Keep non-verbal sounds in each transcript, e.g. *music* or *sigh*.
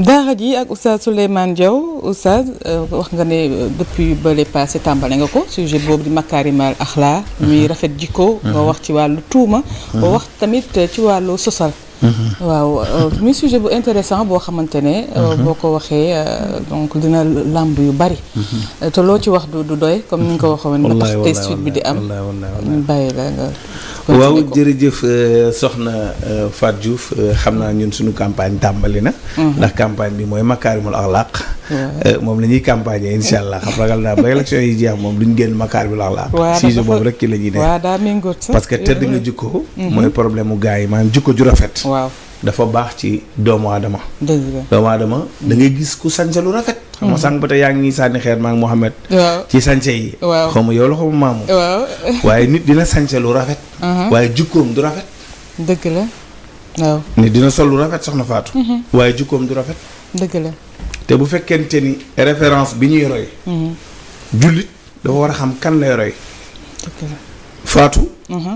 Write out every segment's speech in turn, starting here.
daara ji ak oustaz Souleymane Diaw oustaz euh, wax nga ne euh, depuis bële passé tàmbale nga ko sujet boobu di makaarimal axlaa muy mhm. rafet jikko nga mhm. wax ci wàllu tuuma mhm. wax tamit ci wàllu sosal waaw euh, muy sujet bu intéressant boo xamante ne. Euh, mhm. boo ko waxee euh, donc dina làmb yu bari. Mhm. te loo ci wax du du doy comme ni nga ko mhm. waxoon. wallaay wallaay suite bi di am ñu bàyyi la nga. waaw jërëjëf soxna Fatou Diouf xam naa ñun suñu campagne tàmbali na. ndax campagne bi mooy makaarimul axlaaq. moom la ñuy campagne incha allah xam ragal naa ba élection yi jeex moom duñ génn makaarimul axlaaq. sujet boobu rek ci ne. parce que tëdd nga jikko. mooy problème mu gars maa maanaam jikko ju rafet. waaw dafa baax ci doomu aadama. dëgg la doomu aadama da gis ku sañse lu rafet. xam nga hmm. sànq yaa ngi sànni xeer maa ngi Mouhamed. waaw ci sañse yi. waaw xaw ma yow la xaw ma maamu. *laughs* waaye nit dina sañse lu rafet. Uh-huh. waaye jukkoom du rafet. dëgg la waaw. nit dina sol lu rafet soxna Fatou. Mm-hmm. waaye jukkoom du rafet. dëkk la. te bu fekkente ni référence bi ñuy roy. Mm-hmm. jullit dafa war a xam kan lay roy. dëgg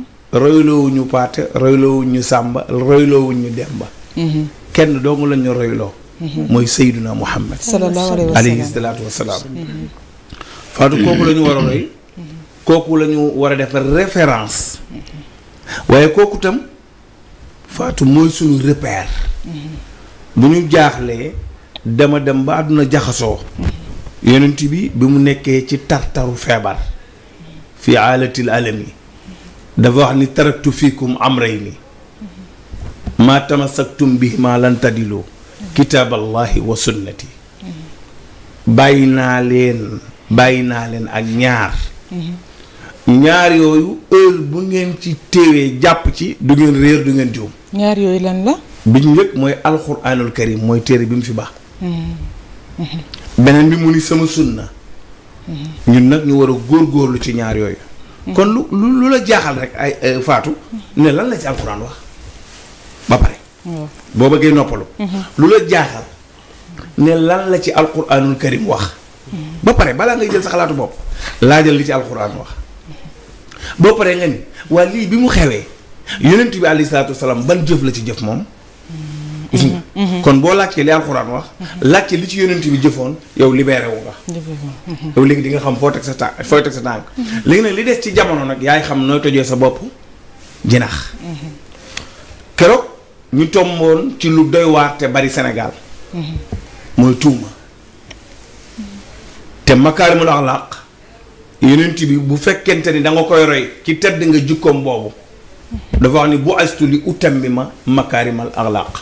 royloowuñu paate royloowuñu sàmba royloowuñu demba mhm. kenn dong la ñu royloo mhm. mooy sayduna muhammad alayhi salaatu wasalaam mhm. faatu kooku la ñu war a roy kooku la war a defar référence waaye kooku tam faatu mooy suñu repère bu ñu jaaxlee dama dem ba àdduna jaxasoo yonent bi bi mu nekkee ci tartaru feebar fi aalatil alami dafa wax ni taraktu fiikum amrayni maa tamasaktum bihimaa lan tadiloo kitaaballahi wa sunnati bàyyi naa leen bàyyi naa leen ak ñaar ñaar yooyu heure bu ngeen ci téewee jàpp ci du ngeen réer du ngeen juum ñaar yooyu lan la bi ñu njëkk mooy alxuraanul karim mooy téere bi mu fi baax mm-hmm. Mm-hmm. beneen bi mu ni sama sunna mm-hmm. ñun nag ñu war a góorgóorlu ci ñaar yooyu kon lu lu la jaaxal rek ay euh, faatu ne lan la ci alxuraan wax ba pare. Oh. boo bëggee noppalu. Mm-hmm. lu la jaaxal ne lan la ci alxuraanul karim wax. ba pare balaa ngay jël sa xalaatu bopp laajal li ci alxuraan wax. boo paree nga ni waa lii bi mu xewee yonent bi alayhi salaatu wa ban jëf la ci jëf moom. kon boo laajte li alxuraan wax. laajte li ci yonent bi jëfoon yow libéré wu nga. yow léegi di nga xam foo teg sa tànk foo teg sa tànk. léegi nag li des ci jamono nag yaay xam nooy tojee sa bopp jinax. keroog ñu tomboon ci lu doy waar bari senegal mooy tuuma. te makaarimul axlaaq yonent bi bu fekkente ni da nga koy roy ci tedd nga jukkoom boobu. dafa wax ni bu astu li utam bi ma makaarimal làq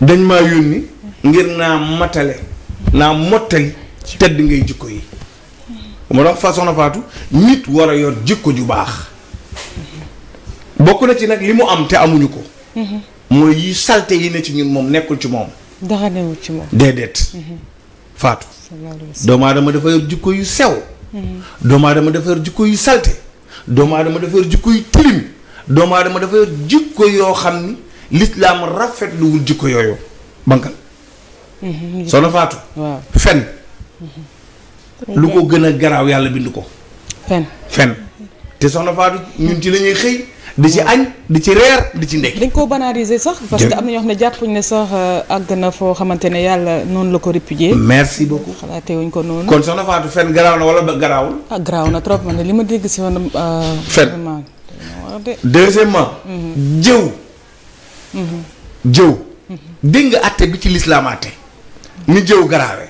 dañ maa yónni ngir naa matale naa mottali tedd ngay jikko yi moo tax fa soxna Faatu nit war a yor jikko ju baax bokk na ci nag li mu am te amuñu ko mooy yi salte yi ne ci ñun moom nekkul ci moom dara newul ci moom déedéet Faatu doomu aadama dafa yor jikko yu sew doomu aadama dafa yor jikko yu salte doomu aadama dafa yor jikko yu tilim doomu aadama dafa yor jikko yoo xam ni lislaam rafetluwul jikko yooyu banqal mm-hmm. soxna Faatu fen mm-hmm. lu ko gën a garaaw yàlla bind ko fen fen te soxna Faatu ñun ci lañuy xëy di ci añ di ci reer di ci ndekki. dañ koo banaliser sax. parce am na ñoo xam ne jàppuñ ne sax euh, àgg na foo xamante ne yàlla noonu la ko répudier. merci beaucoup xalaatee wuñ ko noonu. kon soxna Fatou fenn garaaw na wala ba garaawul. Ah, garaaw na trop man li ma dégg si woon. Euh, fen deuxièmement mm-hmm. jëw jëw dégg nga atte bi ci lislaamaate ni jëw garaawe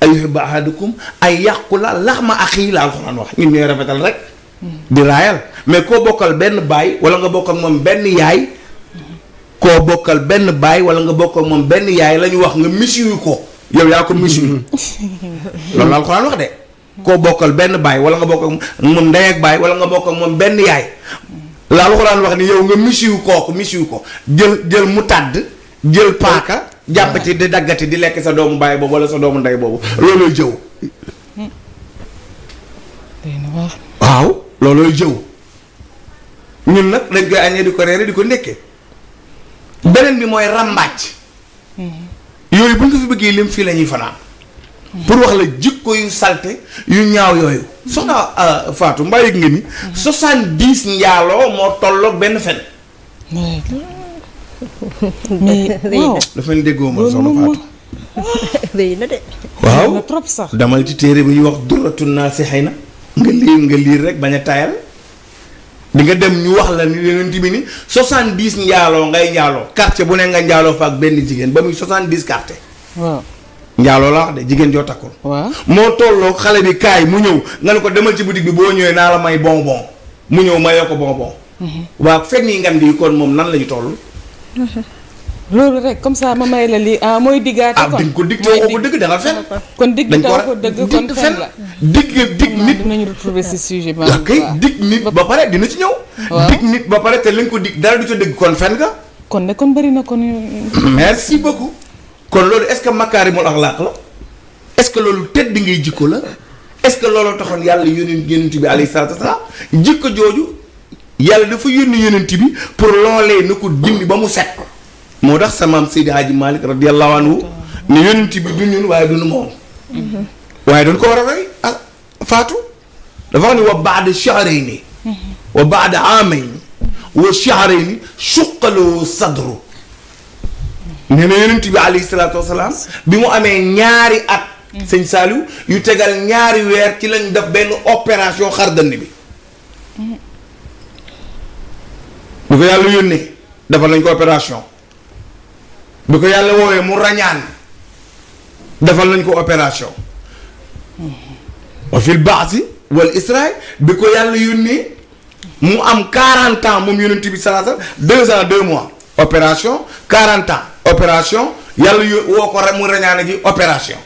ay yuhibbu ahadukum ay yàqula laxma axi la alxuraan wax ñun ñooy rafetal rek di raayal mais koo bokkal benn baay wala nga bokkal moom benn yaay koo bokkal benn baay wala nga bokkal moom benn yaay la wax nga misiwu ko yow yaa ko misiwu *laughs* loolu alxuraan wax de koo bokkal benn baay wala nga bokkal moom ndey ak baay wala nga bokkal moom benn yaay ko alxuraan wax ni yow nga misiw kooku misiw ko jël jël mu tàdd jël paaka jàppati di daggati di lekk sa doomu baay boobu wala sa doomu ndey boobu loolooy jëw waaw loolooy jëw ñun nag dañ koy añee di ko reere di ko ndekkee beneen bi mooy ràmbaaj hmm. yooyu bu ñu fi bëggee lim fii la ñuy fanaan pour wax la jikko yu salte yu ñaaw yooyu. soxna euh, Fatou mbaa yëg nga ni. soixante-dix njaaloo moo tolloog benn fen. mais déggoo ma soxna Fatou. de. waaw sax damal ci téere bi ñuy wax duratu naa si xëy na. nga liir nga liir rek bañ a taayal. di nga dem ñu wax la ñu yonent bi ni soixante-dix njaaloo ngay njaaloo quartier bu ne nga njaaloo fa ak benn jigéen ba muy soixante-dix quartier. njaaloo la wax de jigéen joo takkul. waaw moo tolloo xale bi kaay mu ñëw nga ne ko demal ci boutique bi boo ñëwee naa la may bonbon mu ñëw mayoo ko bonbon. Mhm. waaw fekk nii ngan gi kon moom nan la ñu toll. *laughs* loolu rek comme ça ma may la lii ah mooy diggaate ah, kon ah di nga ko dig te woo ko dëgg da fen. kon dig bi ko dëgg kon fen la dig dig nit dinañu ah, ba kay dig ci ñëw. dig nit ba pare te li nga ko dig dara du ca kon fen nga. kon ne kon bëri na kon. merci beaucoup. kon loolu est-ce que makaarimul axlaaq la est-ce que loolu tedd ngay jikko la est-ce que looloo taxoon yàlla yónni yónent bi alayhi salaatu wasalaam jikko jooju yàlla dafa yónni yónent bi pour loolee na ba mu set moo tax sama maam Seydi Hadji Malick radiyallahu anhu bi du ñun waaye du nu moom waaye dañ ko war a roy ah, faatu dafa wax ni wa baada shahrayni wa baada aameyni wa shahrayni suqaloo sadru nee na yonent bi alayhi salaatu wasalaam bi mu amee ñaari at. Mm. sëñ Saliou yu tegal ñaari weer ci lañu def benn opération xar dënd bi. Mm. bu ko yàlla yónnee defal nañ ko opération. bu yàlla woowee mu rañaan defal nañ ko opération. Mm. wa fil baasi wal israel bi ko yàlla yónnee mu am 40 ans moom yonent bi salaasa deux ans deux mois opération 40 ans. opération yàlla yo woo ko rek mu reñaane ji opération.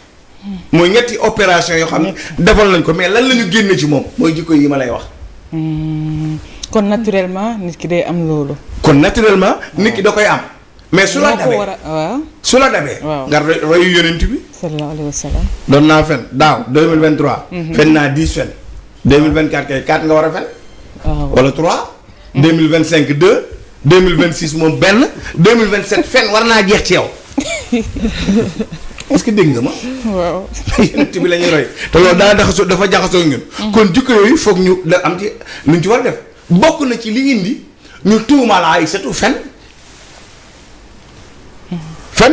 mooy ñetti opération yoo xam ne defal nañ ko mais lan la ñu génne ci moom mooy jikko yi ma lay wax. Hmm. kon naturellement nit ki day am loolu. kon naturellement nit ki da koy am. mais su la dabee waaw su la dabee. nga royu yonent bi. sallallahu alayhi wa doon naa fen daaw 2023. Hmm. Hmm. fen naa 10 fen. 2024 kay 4 nga war a fen. wala 3. 2025 2. deux mille vingt six moom benn deux mille vingt sept fen war naa jeex ci yow est que dégg nga ma. waaw yonent bi la ñuy roy te loolu daa jaxasoo dafa jaxasoo ñun. Mm-hmm. kon jikko yooyu foog ñu da am ci luñ ci war def bokk na ci li indi ñu tuumal Aysatu fen fen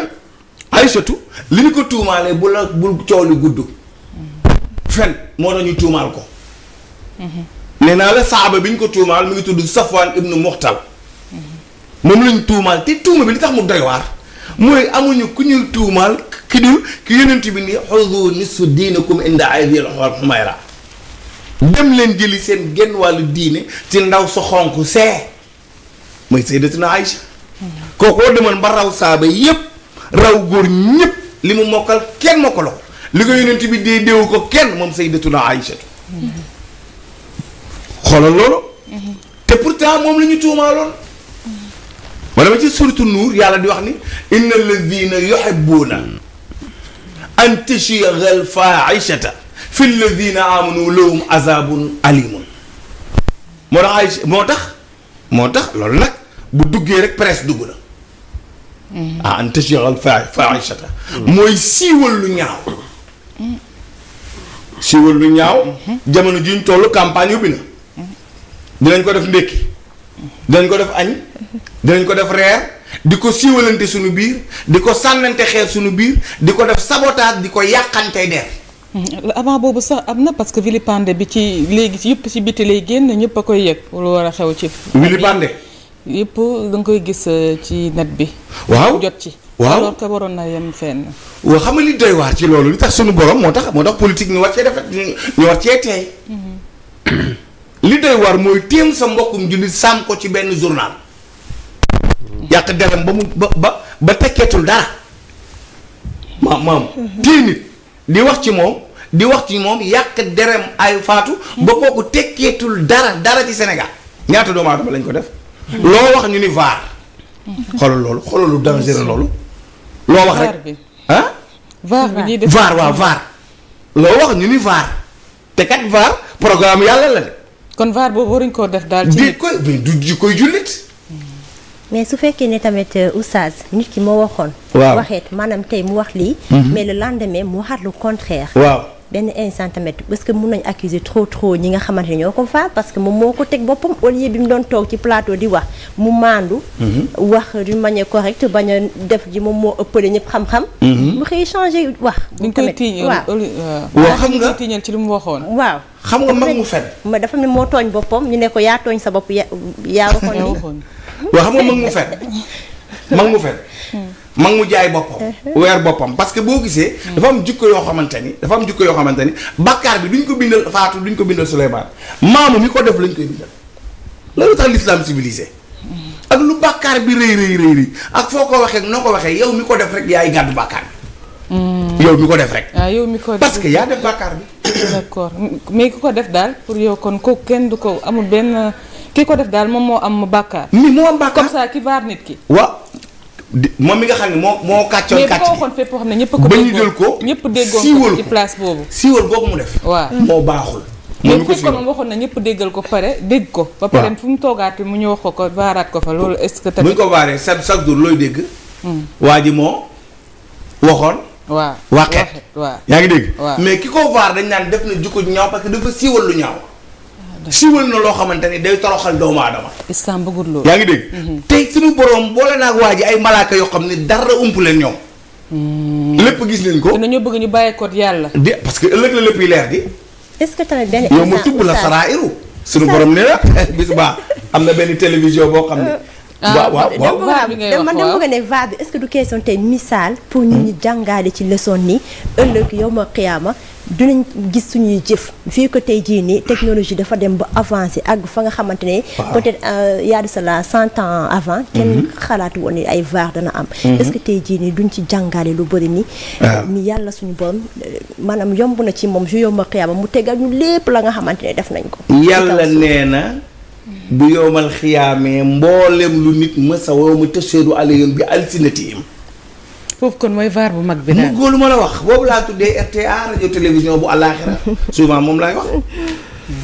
Aysatu li ñu ko tuumaalee bu la bul coow li gudd. Mm-hmm. fen moo tax ñu tuumaal ko. Mm-hmm. nee naa la saaba bi ñu ko tuumaal mi ngi tudd Safwaan ibnu Muxtal. moom lañ tuumaal te tuuma bi li tax mu doy waar mooy amuñu ku ñuy tuumaal ki dul ki yonent bi ni xudu nisu diinakum inda aydil xumayra dem leen jëli seen genn wàllu diine ci ndaw sa xonq see mooy sayyidatuna Aïcha kookoo demoon ba raw saaba yépp raw góor ñépp li mu mokkal kenn mokkalo ko li ko yonent bi dee déewu ko kenn moom sayyidatuna Aïcha mm-hmm. xoolal loolu mm-hmm. te pourtant moom la ñu tuumaaloon ma dama ci suratu nuur yàlla di wax ni inna alladina yuhibuuna an tashia al faaishata fi alladina amanu lahum azabun alimun moo tax ay moo tax moo tax loolu nag bu duggee rek presse dugg na mm-hmm. ah an tashia al faaishata mooy siiwal lu ñaaw siiwal lu ñaaw mm-hmm. jamono ji ñu toll campagne bi na mm-hmm. dinañ ko def ndékki dinañ ko def añ dinañ ko def reer di ko siwalante sunu biir di ko sànnante xeer sunu biir di ko def sabotage di ko yàqante der mm, avant boobu sax am na parce que vilipande bi ci léegi yëpp ci biti lay génn ñëpp a koy yëg lu war a xew ci vilipande yëpp da nga koy gis euh, ci net bi waaw jot ci waaw alors waroon na yem fenn waaw xam li doy waar ci loolu li tax suñu borom moo tax moo tax politique ñu war cee def ñu war cee teey mm-hmm. li doy waar mooy téem sa mbokkum jullit sàmm ko ci benn journal yàq deram ba mu ba ba ba tekkeetul dara maam maam téye nit di wax ci moom di wax ci moom yàq deram ay faatu ba kooku tekkeetul dara dara ci Sénégal ñaata doomu aadama lañ ko def loo wax ñu ni vaar xoolal loolu xoolal lu loolu loo wax rek ah vaar vaar waaw vaar loo wax ñu ni vaar te kat vaar programme yàlla la de kon vaar boobu waruñ koo def daal di koy du koy jullit mais su fekkee ne tamit euh, oustaz nit ki moo waxoon. waaw waxeet maanaam tey mu wax lii. Mhm. mais le lendemain mu waxaat lu contraire. waaw. benn instant tamit parce que mun nañ accuser trop trop ñi nga xamante ne ñoo ko faal parce que moom moo ko teg boppam au lieu bi mu doon toog ci plateau di wax mu maandu. Mhm. wax d'une manière correcte bañ a def ji moom moo ëppale ñëpp xam-xam. Mhm. mu xëy changé wax. ñu koy tiiñal waaw euh, xam nga tiiñal ci li mu waxoon. waaw xam nga mag mu fen. ma dafa moo tooñ boppam ñu ne ko yaa tooñ sa bopp ya yaa waxoon. waaw xam nga mag mu fen *laughs* mag mu hmm. mag mu jaay boppam. Mhm. weer boppam parce que boo gisee. dafa am jikko yoo xamante ni dafa am jikko yoo xamante ni bakkaar bi duñ ko bindal faatu duñ ko bindal Souleymane maamu mi ko def lañ koy bindal loolu tax l'islam civilisé. Mhm. ak lu bakkaar bi rëy rëy rëy ak foo ko waxee noo ko waxee yow mi ko def rek yaay gàddu bakkaar bi. Mhm. yow mi ko def rek. Ah, yow mi ko parce que yaa def bakkaar bi. d'accord mais ki ko def daal pour yow kon ko kenn du ko amul benn ki ko def daal moom moo am bakkaar. mi moo am bakkaar nit ki. waaw. di moom mi nga xam ne moo moo kàccoon kàcc bi ba ñu jël ko siiwal ko siiwal boobu mu def moo baaxul moom mi ko siiwal moom waxoon na ñëpp déggal ko pare dégg ko ba pare fu mu toogaat mu ñu wax ko ko baaraat ko fa loolu est-ce ñu ko waaree chaque chaque jour looy dégg hmm. waa ji moo waxoon waaw waxeet waa yaa ngi dégg waa mais ki ko waar dañ naan def na jikko ñaaw parce que dafa siiwal lu ñaaw siwal na loo xamante ni day toroxal doomu aadama. islam bëggul loolu. yaa ngi dégg. Mhm. tey suñu borom boole naag waa ji ay malaaka yoo xam ne dara ump leen ñoom. Hmm. lépp gis leen ko. dinañu bëgg ñu bàyyi ko yàlla. di parce que ëllëg la lépp yi leer di. est-ce que tamit benn yow ma tubb la saraa'iru. suñu boroom ne la *laughs* bis baa am na benn télévision boo xam ne. waaw waaw waaw man dama bëgg ne va bi est-ce que du question tey misaal pour ñu ñu hmm? jàngaale ci leçon ni ëllëg yow ma xiyaama dinañ gis suñuy jëf fii ko tey jii nii technologie dafa dem ba avancé ak fa nga xamante ne peut-être euh, yaa di cela cent ans avant hmm? kenn xalaat woon ni ay vaar dana am hmm? est que tey jii nii duñ ci jàngaale lu bëri nii ah. euh, yàlla suñu borom maanaam yomb na ci moom ju yow ma xiyaama mu tegal ñu lépp la nga xamante ne def nañ ko yàlla nee bu yowmal xiyaamee mboolem lu nit mësa wow ma tëseedu alayhim bi alsinatihim foofu kon mooy vaar bu mag bi daal mu lu ma la wax boobu laa tuddee RTA rajo télévision bu àllaaxira souvent moom laay wax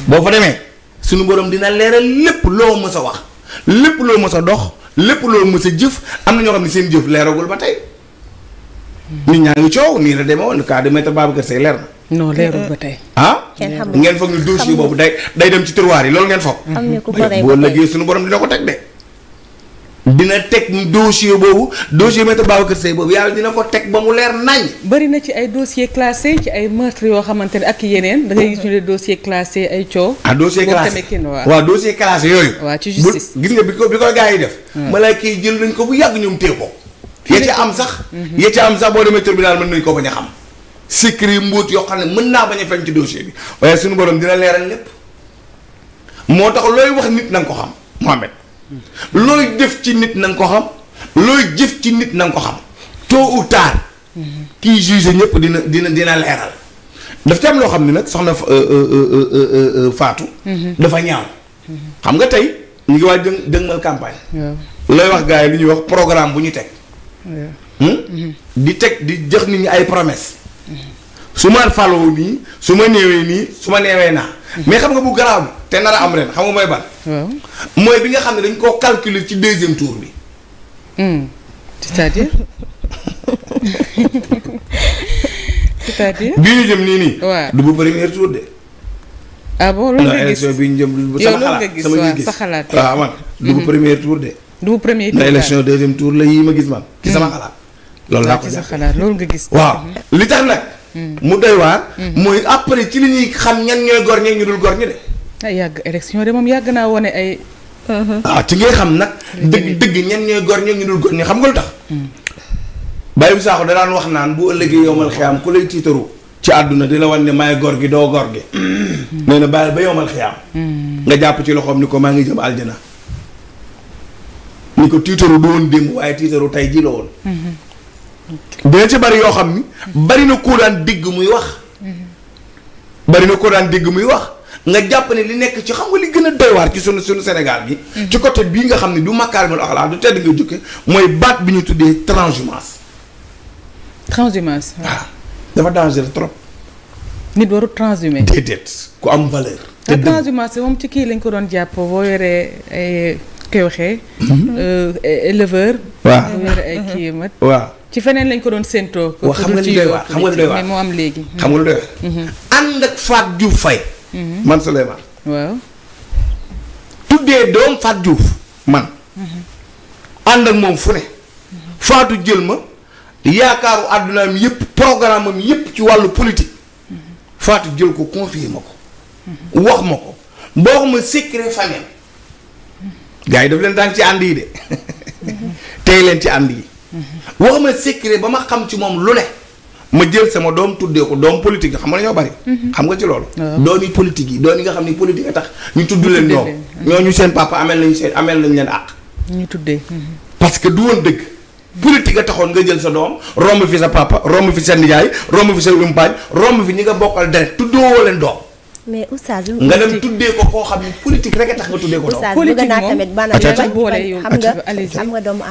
boo fa demee suñu borom dina leeral lépp loo mës a wax lépp loo mës a dox lépp loo mës a jëf am na ñoo xam ne seen jëf leeragul ba tey nit ñaa ngi coow nii la demee woon de maître Babacar Seye leer na. non leerul ba tey. ah ngeen foog ni dossier boobu day day dem ci tiroir yi loolu ngeen foog. am na ku ko rey boo lëggee suñu borom dina ko teg de. dina teg dossier boobu dossier maître Babacar Seye boobu yàlla dina ko teg ba mu leer nañ. bëri na ci ay dossier classé ci ay meurtre yoo xamante ne ak yeneen da ngay gis ñu ne dossier classé ay coow. ah dossier classé waaw waaw dossier yooyu. waaw ci justice gis nga bi ko ko gaa yi def. Hmm. malaaka yi jël nañ ko bu yàgg ñoom téye ko. ya ca am sax mhm. ya am sax boo demee tribunal mën nañu ko bañ a xam secret mbóot yoo xam ne mën naa bañ a feeñ ci dossier bi waaye suñu borom dina leeral lépp moo tax looy wax nit nag ko xam Mohamed mhm. looy def ci nit na ko xam looy jëf ci nit na nga ko xam tôt ou tard mhm. kii juge ñëpp dina dina dina leeral daf ci am loo xam ni nag soxna euh, euh, euh, Fatou dafa ñaaw xam nga tey ñu ngi waaj dëng dëngmal campagne looy wax gars yi lu ñuy wax programme bu ñu teg Hmm? di teg di jox nit ñi ay promesse su ma falo nii su ma néewee nii su ma néewee naa. mais xam nga bu garaaw te nar a am ren xam may mooy ban. mooy bi nga xam ne dañ koo calculer ci deuxième tour bi. Hmm. c'est-à-dire. *laughs* cest à jëm nii nii. waa du bu premier tour de. ah bon loolu nga gis non bi ñu jëm du bu sama xalaat sama gis-gis waaw sa xalaat waaw ah, du bu mhm. premier tour de. du premier tour élection deuxième tour la yii ma gis man. ci sama hmm. xalaat. loolu laa ko jàpp loolu nga gis. waaw hmm. li tax nag. Hmm. mu doy waar. mooy après ci li ñuy xam ñan ñooy gor ñi ñu dul gor ñi yàgg élection de moom yàgg naa wane ay. Uh-huh. ah ci xam nag. dëgg ñan ñooy gor ñi ñu dul xam nga lu tax. Baye Sakho da daan wax naan bu ëllëgee yowmal xiyaam ku lay tiitaru. ci àdduna di la wan ne maay gor gi doo gor gi. nee na bàyyil ba yowmal xiyaam. nga jàpp ci loxoom ni ko maa ngi jëm aljana ko tiitaru du woon démb waaye tiitaru tey ji la woon. dina ci bari yoo xam ni. bari na koo daan dégg muy wax. bari na koo daan dégg muy wax nga jàpp ne li nekk ci xam nga li gën a doy waar ci sunu sunu Sénégal bi. ci côté bii nga xam ne du makaarimul axlaaq du tedd nga jóge mooy baat bi ñu tuddee transhumance. transhumance waaw. Ah, dafa dangereux trop. nit waru transhumé. déedéet ku am valeur. Ah, transhumance moom ci kii lañ ko doon jàpp boo yoree eh, koy waxee. Mhm. Euh, éleveur. waaw euh, ay mhm. kii mat. waaw ci feneen lañ ko doon séentoo. waaw xam nga li doy waar xam nga li doy waar moo léegi. Mhm. xam nga lu doy waar. ànd ak Fatou Diouf Faye. man Souleymane. waaw. tuddee doom Fatou Diouf man. ànd ak moom fu ne. Fatou jël ma. yaakaaru àddunaam yëpp programme am ci wàllu politique. Fatou jël ko confier ma ko. wax ma ko boo xam ne secret famille gars yi daf leen daan ci ànd yi de tey leen ci ànd yi wax ma secret ba ma xam ci moom lu ne ma jël sama doom tuddee ko doom politique yi xam nga lañoo bari. xam nga ci loolu. doom yi yi doom yi nga xam ni politique a tax. ñu tudd leen doom ñooñu seen papa amel nañu seen amel nañu leen àq. ñu tuddee. parce que du woon dëgg. politique a taxoon nga jël sa doom romb fi sa papa romb fi sa nijaay romb fi sa umpaañ romb fi ñi nga bokkal deret tuddoo leen doom. mais oustaz nga dem tuddee ko koo xam ne politique rek tax nga tuddee ko. oustaz bëgg naa tamit bana xam nga xam nga doomu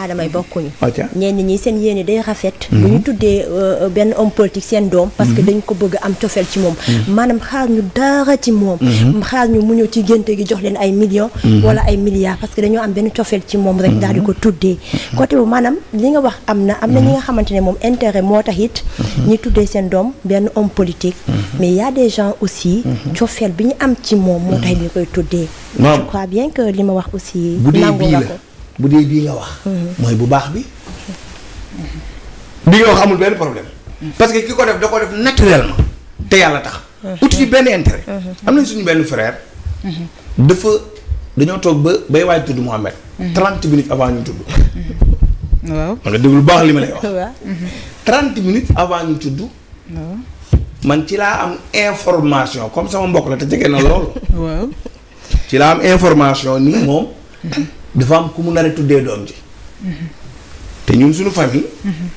mhm. ñu tuddee euh, benn homme politique seen doom. parce que mhm. dañ ko bëgg am cofeel ci moom. Mhm. maanaam xaar ñu dara ci moom. xaar ñu mu ñëw ci génte gi jox leen ay millions. wala ay milliards parce que dañoo am benn cofeel ci moom rek daal di ko tuddee. côté bu maanaam li nga wax am na am na ñi nga xamante ne moom intéret moo tax it. ñi tuddee seen doom benn homme politique. mais y des gens aussi. cofeel bi ñu am ci moom. moo tax ñu mm-hmm. koy tuddee. maam je crois bien que li ma wax aussi. nangu nga ko bu dee bii nga wax. Mm-hmm. mooy bu baax bi. Mm-hmm. bi nga wax amul benn problème. parce que ki ko def da ko def naturellement. te yàlla tax. ut ci benn intérêt. am nañ suñu benn frère. dafa dañoo toog ba bay waay tudd Mouhamed. 30 minutes avant ñu tudd. *laughs* man ci laa am information comme sama mbokk la te jege na loolu. waaw ci laa am information ni moom. dafa am ku mu nar tuddee doom ji. te ñun suñu famille.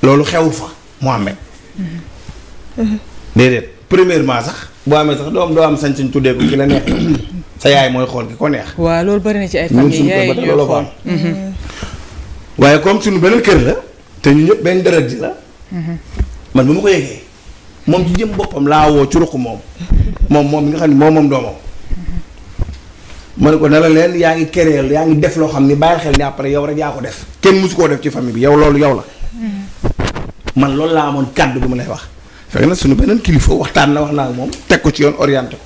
loolu xewul fa Mohamed. déedéet premièrement sax boo amee sax doom doo am sañ sañ tuddee ko ki la neex sa yaay mooy xool ki ko neex. waaw loolu bari na ci waaye comme suñu beneen kër la te ñu ñëpp benn deret ji la. Mhm. man bu ma ko yëgee. moom ci jëm boppam laa awoo ci ruq moom moom moom mi nga xam ne moom moom doomam ma ne ko ne la leen yaa ngi kereel yaa ngi def loo xam ni bàyyi xel ni après yow rek yaa ko def kenn musu koo def ci famille bi yow loolu yow la man loolu laa amoon kàddu bi mu lay wax fekk na suñu beneen kilifa waxtaan na wax naa moom teg ko ci yoon orienté ko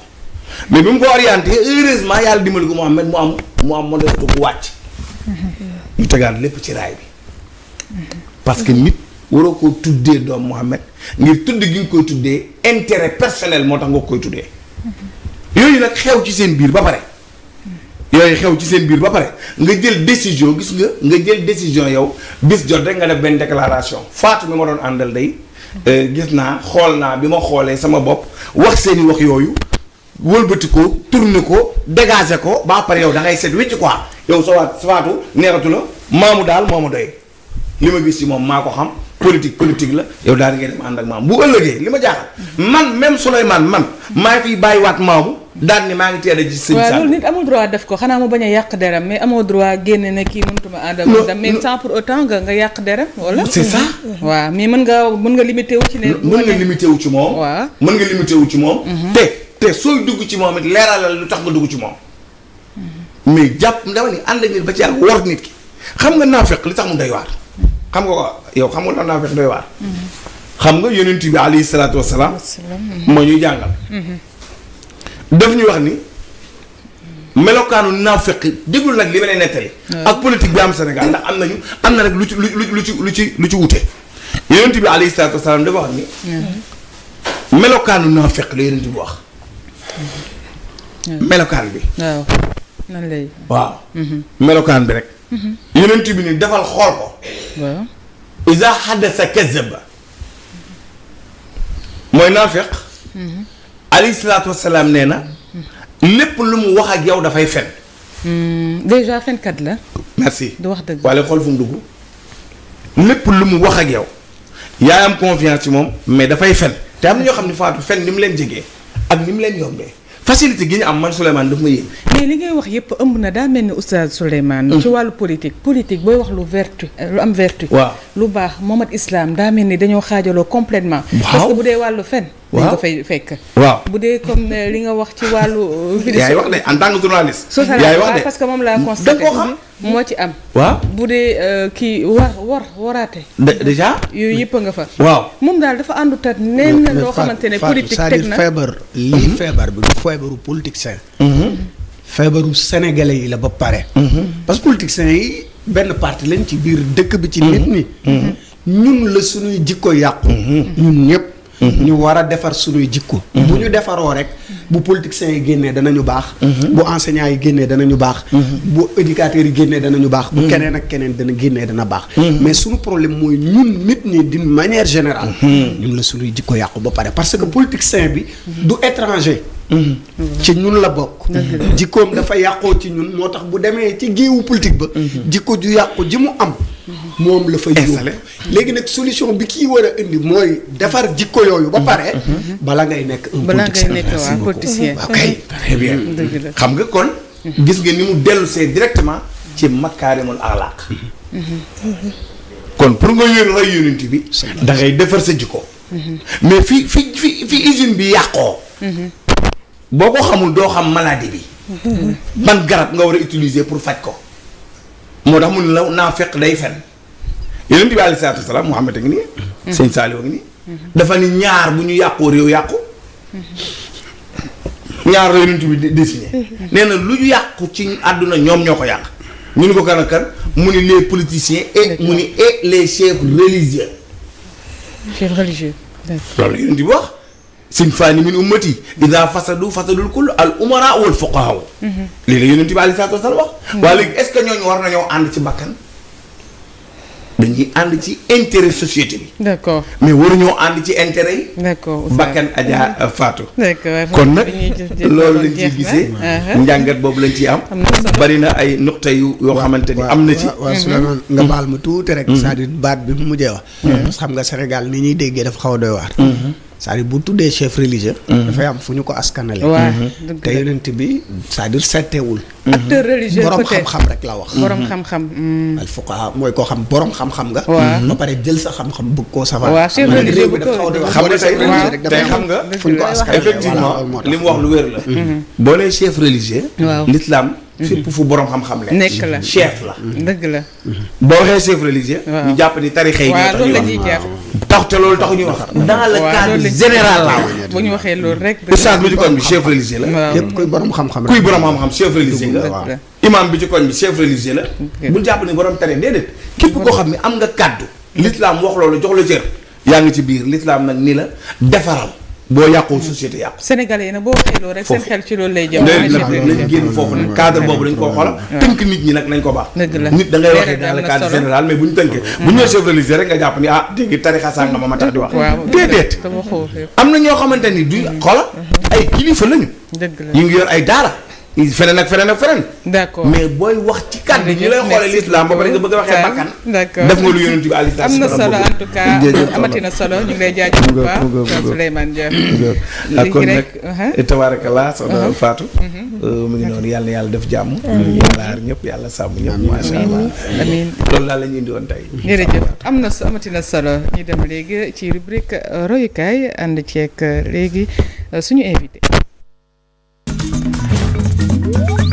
mais bi mu ko orienté heureusement yàlla dimbali ko Mouhamed mu am mu am modeste bu wàcc ñu tegaat lépp ci raay waroo ko tuddee doom Mouhamed ngir tudd gi nga koy tuddee intérêt personnel moo tax nga koy tuddee yooyu nag xew ci seen biir ba pare yooyu xew ci seen biir ba pare nga jël décision gis nga nga jël décision yow bis jot rek nga def benn déclaration faatu mi ma doon àndal day euh, gis naa xool naa bi ma xoolee sama bopp wax seeni wax yooyu wëlbati ko tourné ko dégagé ko ba pare yow da seet wécc quoi yow sa waat sa faatu neeratu la maamu daal moo ma doy li ma gis ci moom maa ko xam politique politique la yow daal di ngay dem ànd ak maam bu ëllëgee li ma jaaxal man même Souleymane man maa ngi bàyyiwaat maamu daan ni maa ngi teel a gis. sëñ Sall waaw loolu amul droit def ko xanaa mu bañ a yàq deram mais amoo droit génne na kii mënutuma ànd ak dem mais sans pour autant nga nga yàq deram wala. c'est ça. waaw mais mën nga mën nga limité wu ci ne. mën nga limité wu ci moom. waaw mën nga limité wu ci moom. Mhm. te te sooy dugg ci moom it leeralal lu tax nga dugg ci moom. Mhm. mais jàpp dama ni ànd ak nit ba ci yàlla war nit ki xam nga naafeq li tax mu day waar xam nga ko yow xam nga loolu naa fekk doy waar. xam nga yonent bi alayhi salaatu wa moo ñuy jàngal. daf ñuy wax ni. melokaanu naafeq déglu nag li ma lay nettali. ak politique bi am Sénégal ndax am nañu am na rek lu lu lu ci lu ci lu ci wute. yonent bi alayhi salaatu wa dafa wax ni. melokaanu naafeq la yonent bi wax. melokaan bi. waaw waaw. Mhm. melokaan bi rek. Mm-hmm. yonent bi ni defal xool ko. waaw. isa xaddasa kazaba mooy naafiq. Mm-hmm. alayhi salaatu wasalaam nee na. Mm-hmm. lépp lu mu wax ak yow dafay fen. déjà fenkat la. merci du wax dëgg. wala xool fu mu dugg lépp lu mu wax ak yow. yaa am confiance ci moom mais dafay fen te am ñoo xam ne faatu fen ni mu leen jegee ak ni mu leen yombee. facilité gi ñu am man Souleymane daf ma yéen. mais li ngay wax yëpp ëmb na daa mel ni oustaz Souleymane. ci wàllu politique politique booy wax lu vertu lu am vertu. waaw lu baax moom Mohamed islaam daa mel ni dañoo xaajaloo complètement parce bu dee wàllu fen waaw ko fay fekk. waaw bu dee comme euh, li nga wax ci wàllu. Euh, yaay wax ne en tant que journaliste. yaay wax de parce que moom laa constaté. moo ci am. waaw bu dee euh, kii war war yooyu yëpp nga fa. waaw moom daal dafa àndu tat neen na loo xamante ne politique teg na feebar lii mhm. feebar bi du feebaru politicien. Mhm. feebaru sénégalais yi la ba pare. Mhm. parce que politiciens yi benn parti lañ ci biir dëkk bi. ci nit ñi. ñun la suñuy jikko yàqu. ñun ñëpp. Mm-hmm. ñu war a defar suñuy jikko mm-hmm. bu ñu defaroo rek bu politiciens yi génnee dana ñu baax mm-hmm. bu enseignants yi génnee ñu baax bu éducateurs yi génnee dana ñu baax bu keneen ak keneen dana génnee dana baax mais suñu problème mooy ñun nit ñi di manière générale ñun la suñuy jikko yàqu ba pare parce que politicien bi du étranger Mm-hmm. ci ñun la bokk. Mm-hmm. jikkoom dafa yàqoo ci ñun moo tax bu demee ci géewu politique ba. Mm-hmm. jikko ju yàqu ji mu am. moom la fa yóbbu léegi nag solution bi kii war a indi mooy defar jikko yooyu ba pare. bala ngay nekk un politicien waaw kay très bien xam nga kon. gis nga ni mu dellusee directement ci makaarimul axlaaq kon pour nga yónni ay yónent bi. da defar sa jikko. mais fi fi fi fi usine bi yàqoo. boo ko xamul doo xam maladie bi. ban garab nga war a utiliser pour faj ko. moo tax mu ne la naa fekk day fen yonent bi alayhi salaatu wa salaam Muhammad a ngi nii. sëñ Saliou a ngi nii. dafa ne ñaar bu ñu yàqoo réew yàqu. ñaar la yonent bi dessiné. nee na lu ñu yàqu ci àdduna ñoom ñoo ko yàq. ñu ni ko kan ak kan mu ne les politiciens et mu ni et les chefs religieux. chefs religieux. loolu wax. sin faani min ummati ida fasadu fasadul kull al umara wal fuqaha lii la yonent bi aleyhi salaatu wa salaam wax waa léegi est ce que ñooñu war ñoo ànd ci bakkan dañuy ànd ci intérêt société bi d'accord mais waruñoo ànd ci intérêt yi d'accord bakkan Adja euh, Fatou kon nag loolu lañ ciy gisee uh-huh. njàngat boobu lañ ci am bari na ay nuqta yu yoo xamante ni am na ci waaw mm-hmm. Souleymane nga mm-hmm. baal ma tuuti rek mm-hmm. cest à baat bi mu mujjee wax parce que xam nga Sénégal ni ñuy déggee dafa xaw a doy waar saa à dire bu tuddee chef religieux. Mhm. dafay am fu ñu ko askanale. Mhm. te yonent bi c'est-à-dire seetewul. Mhm. acteur religieux borom xam-xam rek la wax. borom xam-xam. al fuqaha mooy koo xam borom xam-xam nga. ba pare jël sa xam-xam koo safaar. waaw chef religieux bu ko xam nga tey xam effectivement li mu wax lu wér boo nee chef religieux. waaw l'islam fépp fu borom xam-xam la. nekk la chef la. dëgg la. boo waxee chef religieux. ñu jàpp ni tarixe yi. waaw loolu tax te loolu taxu ñu wax. dans le cadre général laa wax. ñu waxee loolu rek. ustaas bi ci bi chef religieux la. képp kuy borom xam-xam la kuy borom xam-xam chef religieux la waaw. imam bi ci koñ chef religieux la. bul jàpp ne borom tere déedéet. képp koo xam ne am nga kàddu. l'islam wax loolu jox la cër. yaa ngi ci biir l'islam nag ni la defaral. boo yàqoo société yàqu. Sénégalais yi nag boo xeeloo rek seen xel ci loolu lay jëm. nañ génn foofu nag cadre boobu dañ koo xoolal. Ah. tënk nit ñi nag nañ ko baax. dëgg la nit da ngay waxee dans le cadre général mais bu ñu tënkee. Mm-hmm. bu ñu la chevaliser rek nga jàpp ni ah dégg tarixa sàngam ma tax di wax. déedéet am na ñoo xamante ni du xoola ay kilifa lañu. dëgg ñu ngi yor ay daara feneen ak feneen ak feneen. d'accord mais booy wax ci kàddu ñu lay xoolee l'islam ba a nga bëgg a waxee bakkan. d'accord def nga lu yonent bi alayhi salaam am na solo en tout solo ñu mu ngi noonu yàlla yàlla def jàmm. ñu laar yàlla sàmm ñëpp. macha allah amiin la ñuy indi woon tey. jërëjëf am ñu dem léegi ci rubrique euh, royukaay ànd ceeg euh, léegi euh, suñu invité. thank you